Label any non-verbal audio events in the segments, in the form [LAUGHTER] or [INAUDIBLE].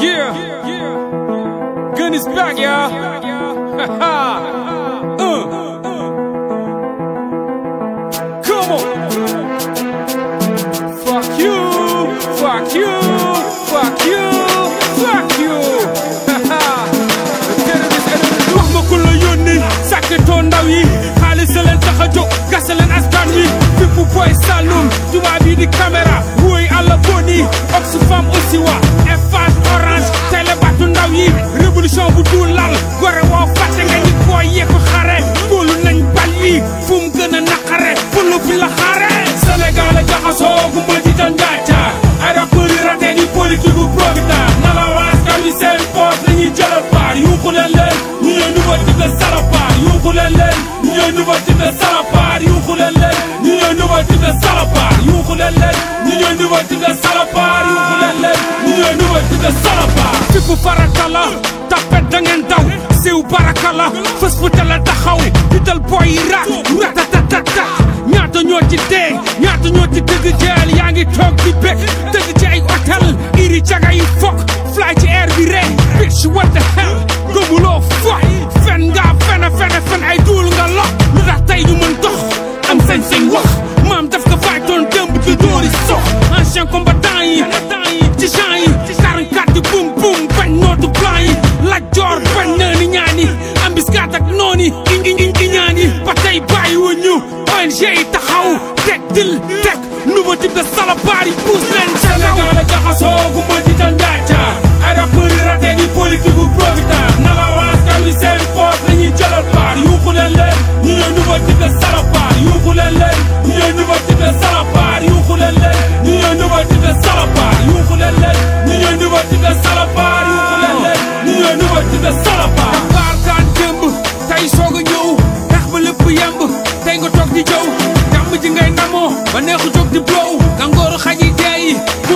Yeah, yeah. back, y'all. [LAUGHS] uh. Come on. Fuck you, fuck you, fuck you, fuck you. wax ma ku la yónni sàkkatoo ndaw yi xaalis a leen tax a jóg gasa leen askan wi fipp di caméra wóoy àlla boni Oxfam aussi waa politique bu providence nalaw askan wi seen poos la ñuy jëlal paar yuuxu leen leen ñu ñooy nouveau type de salopard yuuxu leen leen ñu ñooy nouveau type de salopard yuuxu leen leen ñu ñooy nouveau type de salopard yuuxu leen leen ñu ñooy nouveau type de salopard yuuxu leen leen ñu ñooy nouveau type de salopard tibb farata la tapet da ngeen daw siiw baraka la fës bu tala taxaw di dal boy yi rak ratatatatat ñaata ñoo ci dee ñaata ñoo ci dëgg jeel yaa ngi toog di bég dëgg ci ay hôtel you fuck Fly to air, we ready Bitch, what the hell Gumuloo, fuck Fen nga fena fena fen ay duul nga lox Lu tax tey ñu mën dox Am sañ-sañ wax Maam daf ko faatoon dëmb di dóori sox ancien combattant yi jaxasoo gu ma jiital njaaca ay rappeur yu raté di politique gu profitant nama waaskan wi seen poos la ñuy jëlal paar yuuxu leen leen ñu ne nouveau type de salopard yuuxu leen leen ñu ne nouveau type de salopard yuuxu leen leen ñu ne nouveau type de salopard yuuxu leen leen ñu ne nouveau type de salopard yuuxu leen leen ñu ne nouveau type de salopard paar daan démb tey soog a ñëw tax ba lépp yemb tey nga toog di jëw jàmm ji ngay ndamoo ba neexu jóg di blow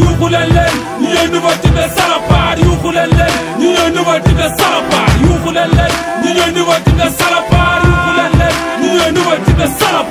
yuuxu leen leen ñu ñooy nouveau type salopard yuuxu leen leen ñu ñooy nouveau type salopard yuuxu leen leen ñu ñooy nouveau type salopard yuuxu leen leen ñu ñooy nouveau type salopard